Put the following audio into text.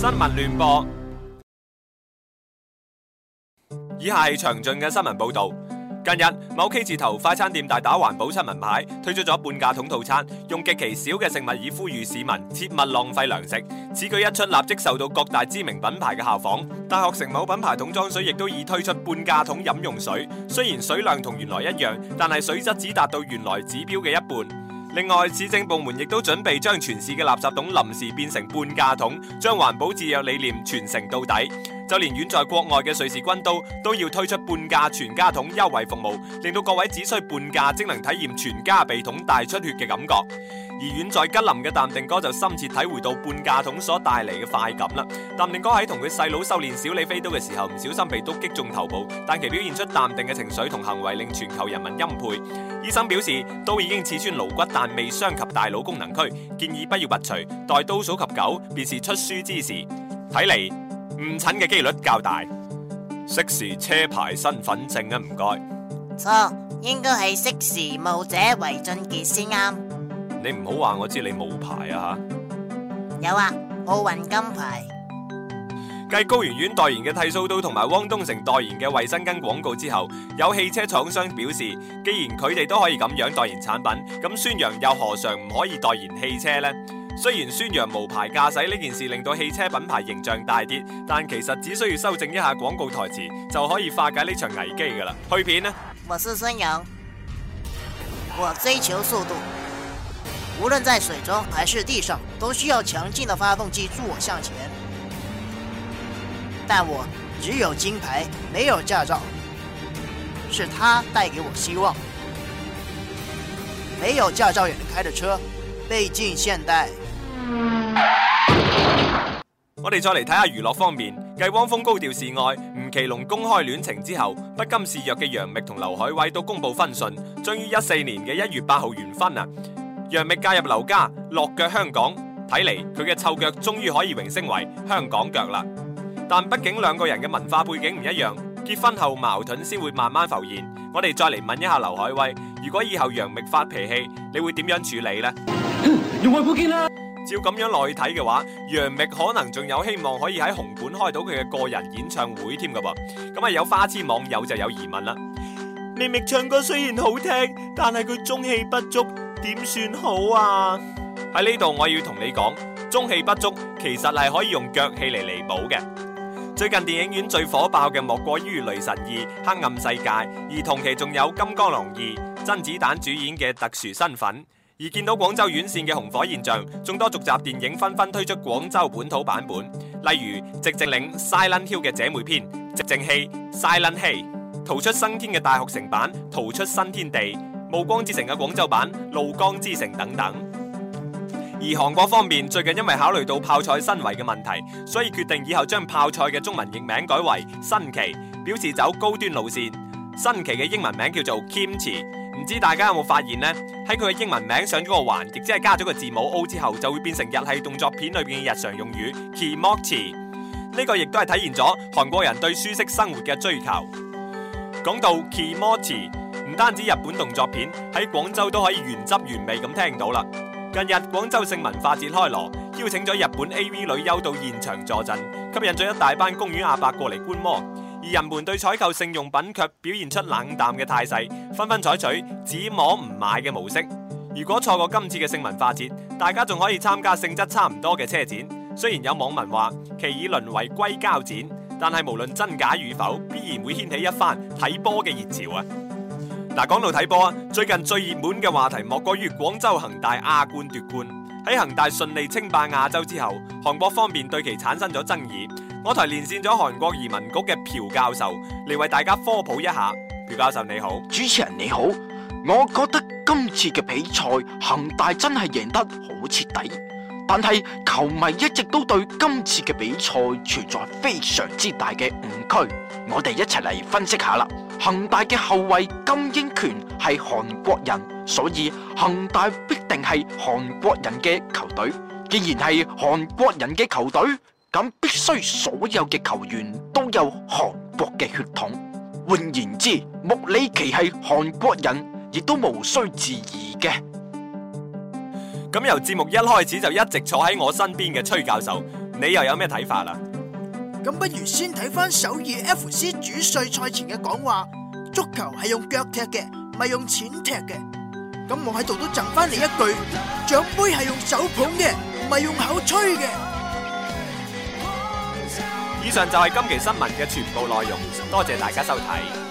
新聞聯播。以下係詳盡嘅新聞報道。近日，某 K 字頭快餐店大打環保親民牌，推出咗半價桶套餐，用極其少嘅食物以呼籲市民切勿浪費糧食。此舉一出，立即受到各大知名品牌嘅效仿。大學城某品牌桶裝水亦都已推出半價桶飲用水，雖然水量同原來一樣，但係水質只達到原來指標嘅一半。另外，市政部門亦都準備將全市嘅垃圾桶臨時變成半價桶，將環保自由理念傳承到底。就連遠在國外嘅瑞士軍刀都，都要推出半價全家桶優惠服務，令到各位只需半價即能體驗全家被桶大出血嘅感覺。而遠在吉林嘅淡定哥就深切體會到半價桶所帶嚟嘅快感啦！淡定哥喺同佢細佬修煉小李飛刀嘅時候，唔小心被刀擊中頭部，但其表現出淡定嘅情緒同行為，令全球人民欽佩。醫生表示，刀已經刺穿顱骨，但未傷及大腦功能區，建議不要拔除，待刀數及狗，便是出書之時。睇嚟。誤診嘅幾率較大。識時車牌身份證啊，唔該。錯，應該係識時務者為俊傑先啱。你唔好話我知你冇牌啊吓。有啊，奧運金牌。繼高圓圓代言嘅剃鬚刀同埋汪東城代言嘅衛生巾廣告之後，有汽車廠商表示，既然佢哋都可以咁樣代言產品，咁孫楊又何嘗唔可以代言汽車呢？雖然孫楊無牌駕駛呢件事令到汽車品牌形象大跌，但其實只需要修正一下廣告台詞就可以化解呢場危機噶啦。去片呢。我是孫楊，我追求速度，無論在水中還是地上，都需要強勁的發動機助我向前。但我只有金牌，沒有駕照，是他帶給我希望。沒有駕照也能開的車，北京現代。我哋再嚟睇下娛樂方面，繼汪峰高調示愛，吳奇隆公開戀情之後，不甘示弱嘅楊冪同劉愷威都公布婚訊，將於一四年嘅一月八號完婚啊！楊冪嫁入劉家，落腳香港，睇嚟佢嘅臭腳終於可以榮升為香港腳啦！但畢竟兩個人嘅文化背景唔一樣，結婚後矛盾先會慢慢浮現。我哋再嚟問一下劉愷威，如果以後楊冪發脾氣，你會點樣處理呢？用塊布巾啦！照咁樣落去睇嘅話，楊冪可能仲有希望可以喺紅館開到佢嘅個人演唱會添噶噃。咁啊有花痴網友就有疑問啦：明明唱歌雖然好聽，但係佢中氣不足，點算好啊？喺呢度我要同你講，中氣不足其實係可以用腳氣嚟彌補嘅。最近電影院最火爆嘅莫過於《雷神二：黑暗世界》，而同期仲有《金剛狼二》，甄子丹主演嘅特殊身份。而見到廣州院線嘅紅火現象，眾多續集電影紛紛推出廣州本土版本，例如《寂靜嶺》Silent Hill 嘅姐妹篇《靜靜氣》Silent h i 逃出生天》嘅大學城版《逃出新天地》、《暮光之城》嘅廣州版《怒江之城》等等。而韓國方面最近因為考慮到泡菜申遺嘅問題，所以決定以後將泡菜嘅中文譯名改為辛奇，表示走高端路線。辛奇嘅英文名叫做 Kimchi。唔知道大家有冇發現呢？喺佢嘅英文名上咗個環，亦即係加咗個字母 O 之後，就會變成日系動作片裏邊嘅日常用語 Kimochi。呢個亦都係體現咗韓國人對舒適生活嘅追求。講到 Kimochi，唔單止日本動作片喺廣州都可以原汁原味咁聽到啦。近日廣州性文化節開鑼，邀請咗日本 AV 女優到現場助陣，吸引咗一大班公園阿伯過嚟觀摩。而人們對採購性用品卻表現出冷淡嘅態勢，紛紛採取只摸唔買嘅模式。如果錯過今次嘅性文化節，大家仲可以參加性質差唔多嘅車展。雖然有網民話其已淪為硅膠展，但係無論真假與否，必然會掀起一番睇波嘅熱潮啊！嗱，講到睇波啊，最近最熱門嘅話題莫過於廣州恆大亞冠奪冠。喺恆大順利稱霸亞洲之後，韓國方面對其產生咗爭議。我台連線咗韓國移民局嘅朴教授嚟為大家科普一下。朴教授你好，主持人你好。我覺得今次嘅比賽恒大真係贏得好徹底，但係球迷一直都對今次嘅比賽存在非常之大嘅誤區。我哋一齊嚟分析下啦。恒大嘅後衛金英權係韓國人，所以恒大必定係韓國人嘅球隊。既然係韓國人嘅球隊。咁必須所有嘅球員都有韓國嘅血統，換言之，穆里奇係韓國人，亦都毋須置疑嘅。咁由節目一開始就一直坐喺我身邊嘅崔教授，你又有咩睇法啦？咁不如先睇翻首爾 FC 主帥賽前嘅講話，足球係用腳踢嘅，唔係用錢踢嘅。咁我喺度都贈翻你一句，獎杯係用手捧嘅，唔係用口吹嘅。以上就係今期新聞嘅全部內容，多謝大家收睇。